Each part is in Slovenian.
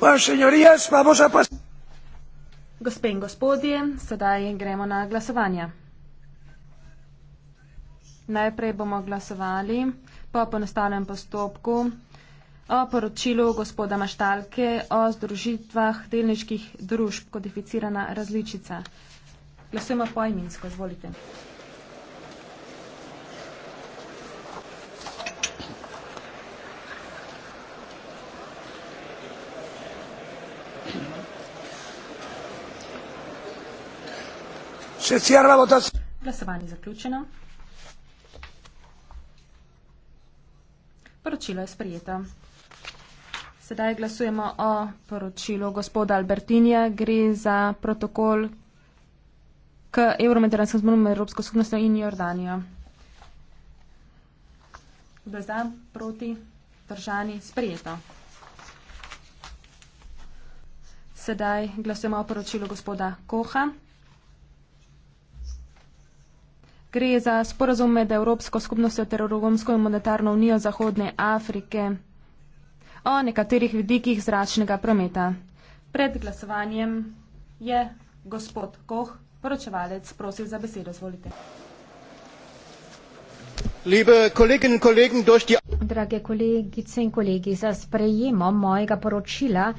Gospe in gospodje, sedaj gremo na glasovanje. Najprej bomo glasovali po ponostalnem postopku o poročilu gospoda Maštalke o združitvah delničkih družb kodificirana različica. Glasujemo poimensko, izvolite. Se cierra la votación. Glasovanje je zaključeno. Poročilo je sprijeto. Sedaj glasujemo o poročilu gospoda Albertinja. Gre za protokol k Euromediteranskem zmonu med Evropsko skupnostjo in Jordanijo. Kdo je za, proti, držani, sprijeto. Sedaj glasujemo o poročilu gospoda Koha. Gre za sporazum med Evropsko skupnostjo ter Evropsko in monetarno unijo Zahodne Afrike o nekaterih vidikih zračnega prometa. Pred glasovanjem je gospod Koh, poročevalec, prosil za besedo. Zvolite. Drage kolegice in kolegi, za sprejemo mojega poročila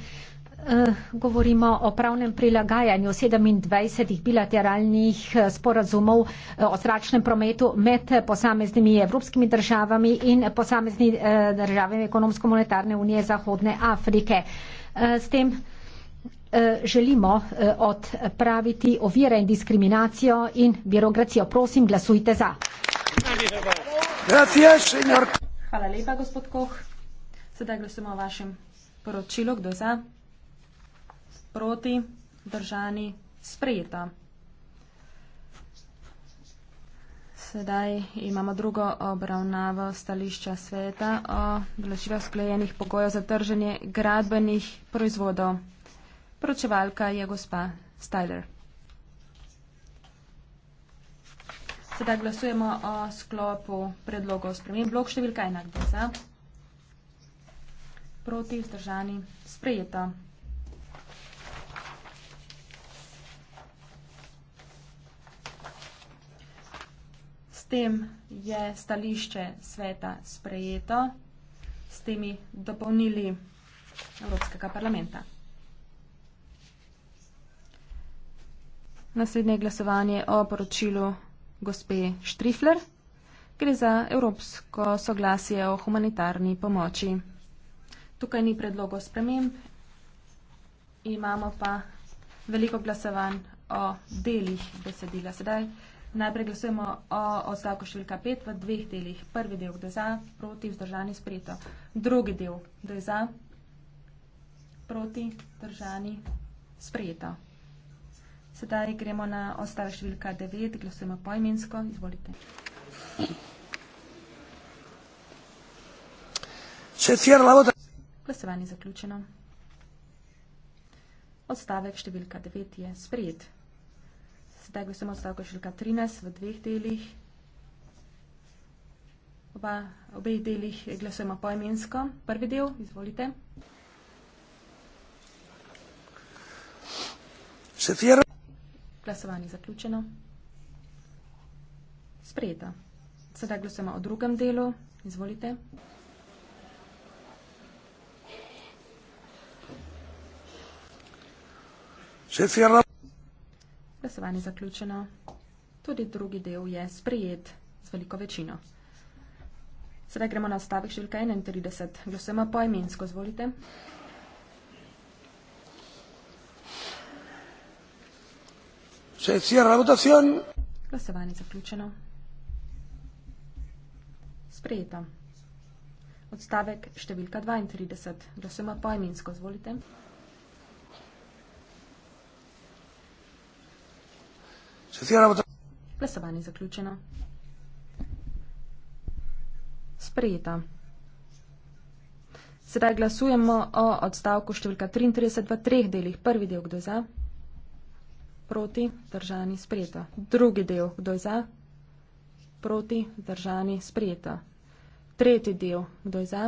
Eh, govorimo o pravnem prilagajanju 27 bilateralnih eh, sporazumov eh, o zračnem prometu med posameznimi evropskimi državami in posameznimi državami ekonomsko-monetarne unije Zahodne Afrike. S tem želimo odpraviti ovire in diskriminacijo in birokracijo. Prosim, glasujte za. Hvala lepa, gospod Koh. Sedaj glasujemo o vašem poročilu. Kdo za? proti, držani, sprejeta. Sedaj imamo drugo obravnavo stališča sveta o določitev sklejenih pogojev za trženje gradbenih proizvodov. Pročevalka je gospa Steiler. Sedaj glasujemo o sklopu predlogov spremen. Blok številka enak bo za. Proti vzdržani sprejeto. tem je stališče sveta sprejeto s temi dopolnili Evropskega parlamenta. Naslednje glasovanje o poročilu gospe Štrifler. Gre za evropsko soglasje o humanitarni pomoči. Tukaj ni predlogo sprememb, imamo pa veliko glasovanj o delih besedila sedaj. Najprej glasujemo o odstavku številka 5 v dveh delih. Prvi del, kdo je za, proti, vzdržani, sprejeto. Drugi del, kdo je za, proti, vzdržani, sprejeto. Sedaj gremo na odstavek številka 9, glasujemo poimensko. Izvolite. Glasovanje je zaključeno. Odstavek številka 9 je sprejet. Sedaj gre samo stavka številka 13 v dveh delih. Oba, obe delih glasujemo poimensko. Prvi del, izvolite. Glasovanje je zaključeno. Sprejeto. Sedaj glasujemo o drugem delu. Izvolite. Se cierra glasovanje zaključeno. Tudi drugi del je sprijet z veliko večino. Sedaj gremo na stavek številka 31. Glasujemo poimensko, zvolite. Se cierra votación. Glasovanje zaključeno. Sprejeto. Odstavek številka 32. Glasujemo poimensko, zvolite. Glasovanje zaključeno. Sprejeta. Sedaj glasujemo o odstavku številka 33 v treh delih. Prvi del, kdo je za? Proti, držani, sprejeta. Drugi del, kdo je za? Proti, držani, sprejeta. Tretji del, kdo je za?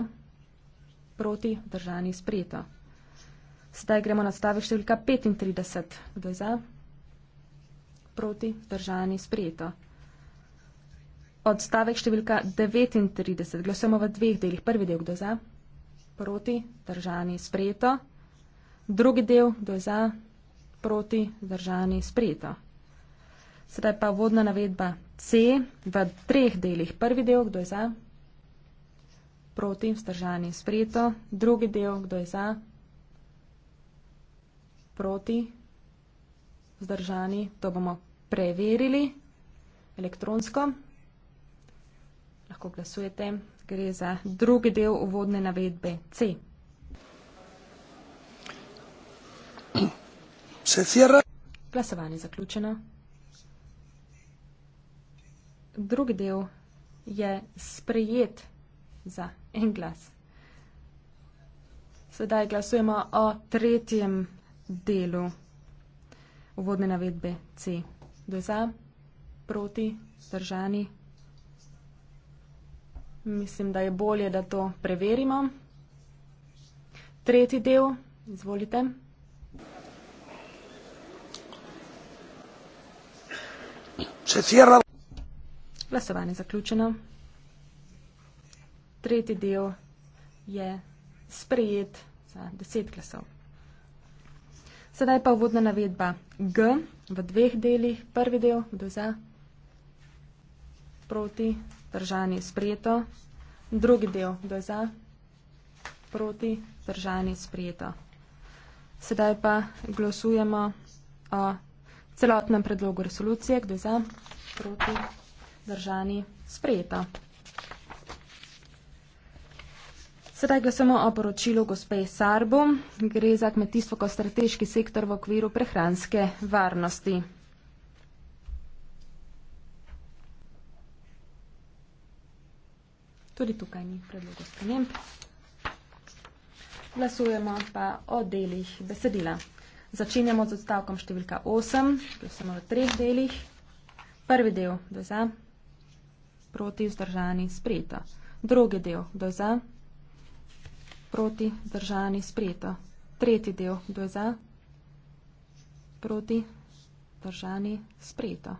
Proti, držani, sprejeta. Sedaj gremo na stavek številka 35. Kdo je za? proti držani sprejeto. Odstavek številka 39. Glasujemo v dveh delih. Prvi del, kdo za? Proti držani sprejeto. Drugi del, kdo za? Proti držani sprejeto. Sedaj pa vodna navedba C v treh delih. Prvi del, kdo je za? Proti vzdržani sprejeto. Drugi del, kdo je za? Proti zdržani, to bomo preverili elektronsko. Lahko glasujete, gre za drugi del uvodne navedbe C. Glasovanje zaključeno. Drugi del je sprejet za en glas. Sedaj glasujemo o tretjem delu uvodne navedbe C. Kdo je za, proti, zdržani? Mislim, da je bolje, da to preverimo. Tretji del, izvolite. Glasovanje zaključeno. Tretji del je sprejet za deset glasov. Sedaj pa uvodna navedba G v dveh delih. Prvi del, kdo za, proti, držani, sprijeto. Drugi del, kdo za, proti, držani, sprijeto. Sedaj pa glasujemo o celotnem predlogu resolucije, kdo za, proti, držani, sprijeto. Sedaj glasamo o poročilu gospe Sarbo. Gre za kmetijstvo kot strateški sektor v okviru prehranske varnosti. Tudi tukaj ni predlogov sprememb. Glasujemo pa o delih besedila. Začenjamo z odstavkom številka 8, ki je samo v treh delih. Prvi del, kdo je za, proti vzdržani, sprejeto. Drugi del, kdo je za, Proti. Držani. Sprejeto. Tretji del. Kdo je za? Proti. Držani. Sprejeto.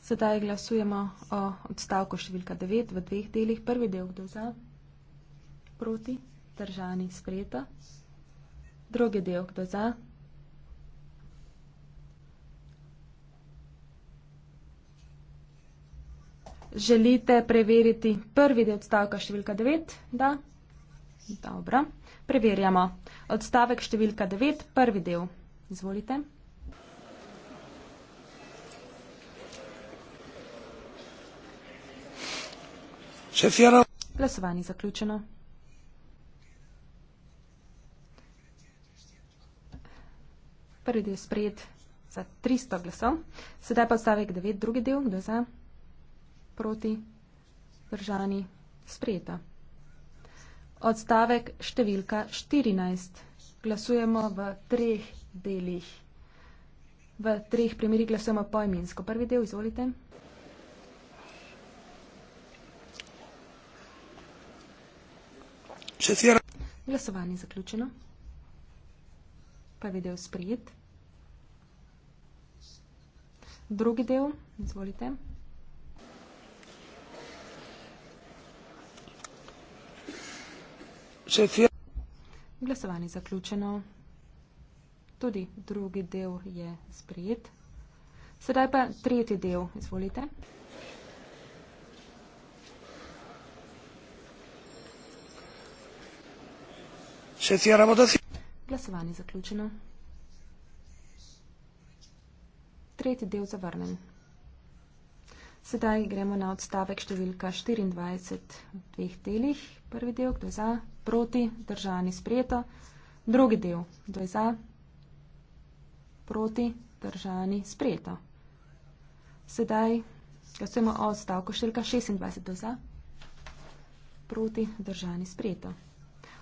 Sedaj glasujemo o odstavku številka 9 v dveh delih. Prvi del. Kdo je za? Proti. Držani. Sprejeto. Drugi del. Kdo je za? Želite preveriti prvi del odstavka številka 9? Da. Dobro. Preverjamo. Odstavek številka 9, prvi del. Izvolite. Glasovanje zaključeno. Prvi del sprejet za 300 glasov. Sedaj pa odstavek 9, drugi del. Kdo je za? Proti? Držani? Sprejeto. Odstavek številka 14. Glasujemo v treh delih. V treh primerih glasujemo poimensko. Prvi del, izvolite. Glasovanje je zaključeno. Prvi del sprijet. Drugi del, izvolite. Glasovanje zaključeno. Tudi drugi del je sprejet. Sedaj pa tretji del. Izvolite. Se cierra votación. Glasovanje zaključeno. Tretji del zavrnen. Sedaj gremo na odstavek številka 24 v dveh delih. Prvi del, kdo je za, proti, držani sprejeto. Drugi del, dve za, proti, držani sprejeto. Sedaj glasujemo o odstavku številka 26, dve za, proti, držani sprejeto.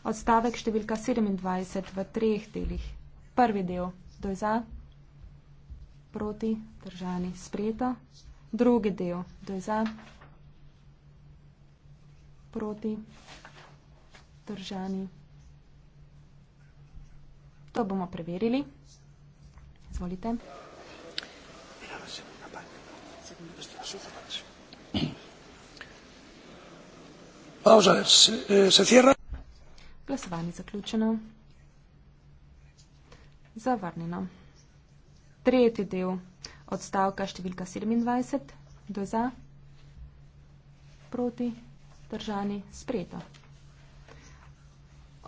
Odstavek številka 27 v treh delih. Prvi del, dve za, proti, držani sprejeto. Drugi del, dve za, proti, držani sprejeto držani. To bomo preverili. Izvolite. Pauza, eh, se cierra. Glasovanje zaključeno. Zavrnjeno. Tretji del odstavka številka 27. Do za. Proti. Držani. Sprejeto.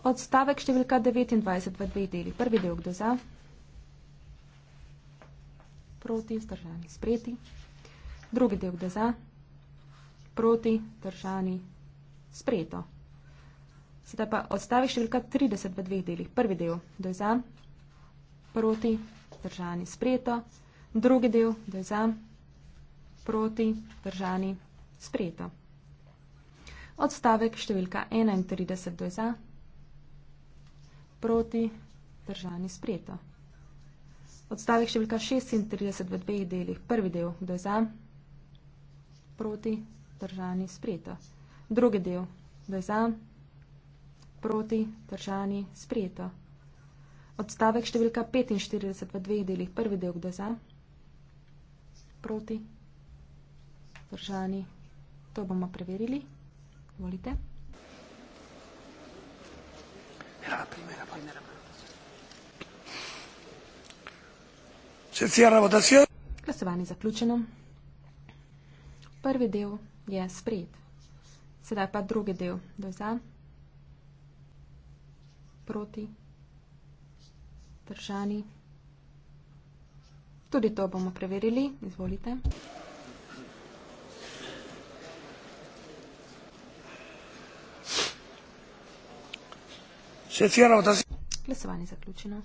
Odstavek številka 29 v dveh delih. Prvi del, kdo za? Proti, vzdržani, spreti. Drugi del, kdo za? Proti, vzdržani, spreto. Sedaj pa odstavek številka 30 v dveh delih. Prvi del, kdo za? Proti, vzdržani, spreto. Drugi del, kdo za? Proti, vzdržani, spreto. Odstavek številka 31, kdo za? Proti, vzdržani, spreto proti, držani sprejeto. Odstavek številka 36 v dveh delih. Prvi del, kdo je za, proti, držani sprejeto. Drugi del, kdo je za, proti, držani sprejeto. Odstavek številka 45 v dveh delih. Prvi del, kdo je za, proti, držani. To bomo preverili. Volite la primera parte. Se cierra votación. Glasovanje je zaključeno. Prvi del je sprejet. Sedaj pa drugi del. Kdo je za? Proti? Držani? Tudi to bomo preverili. Izvolite. Secijena votación. Glasovanje zaključeno.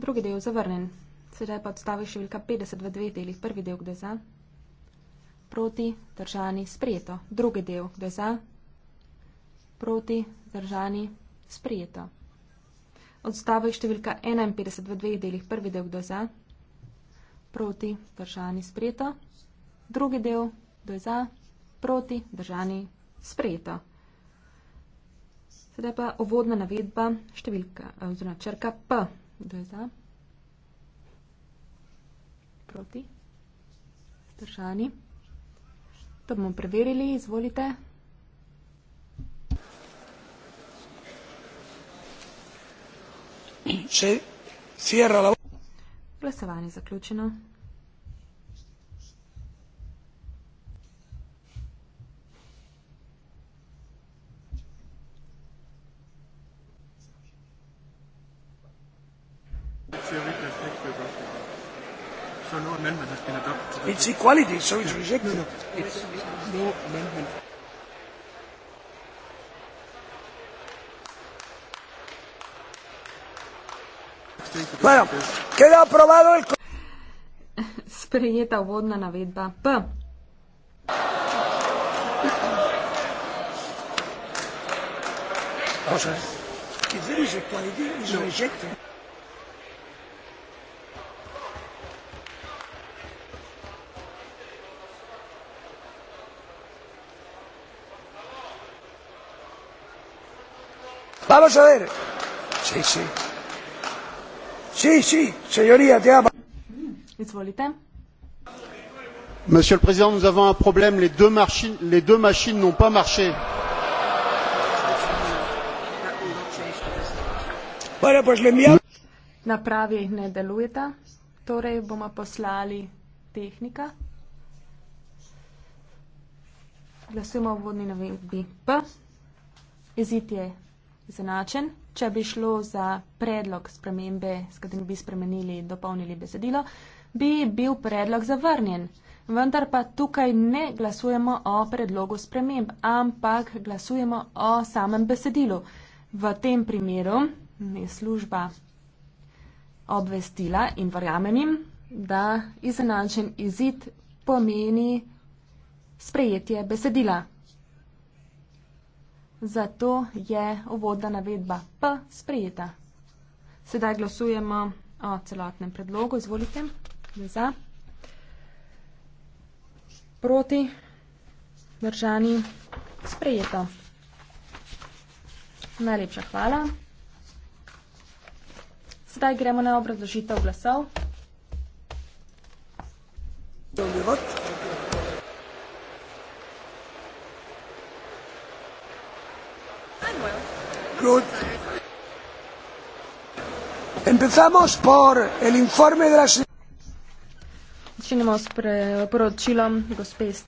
Drugi del zavrnen. Sedaj pa odstavi številka 50 v dveh delih. Prvi del, kdo je za? Proti, držani, sprijeto. Drugi del, kdo je za? Proti, držani, sprijeto. Odstavek številka 51 v dveh delih. Prvi del, kdo je za? Proti, držani, sprijeto. Drugi del, kdo je za? Proti, držani, sprijeto. Sedaj pa ovodna navedba številka eh, oziroma črka P. Kdo je za? Proti? Zdržani? To bomo preverili, izvolite. Glasovanje zaključeno. So no amendment has been adopted. It's equality, so it's rejected. No, no. It's no amendment. Bueno, queda aprobado el. Sprejeta uvodna navedba P. Okay. Is there is equality? Is no. rejected? vamos a ver. Sí, sí. Sí, sí, señoría, te amo. Izvolite. Monsieur le Président, nous avons un problème. Les deux, marchi- les deux machines n'ont pas marché. Bueno, pues le envia... Napravi ne delujeta, torej bomo poslali tehnika. Glasujemo v vodni navedbi P. Izid je zanačen. Če bi šlo za predlog spremembe, s katerim bi spremenili in dopolnili besedilo, bi bil predlog zavrnjen. Vendar pa tukaj ne glasujemo o predlogu sprememb, ampak glasujemo o samem besedilu. V tem primeru mi je služba obvestila in verjamenim, da izenačen izid pomeni sprejetje besedila. Zato je uvodna navedba P sprejeta. Sedaj glasujemo o celotnem predlogu. Izvolite. Za. Proti. Držani. Sprejeto. Najlepša hvala. Sedaj gremo na obrazložitev glasov. Dobro. Cruz. Empezamos por el informe de la señora. Začnemo s poročilom gospe.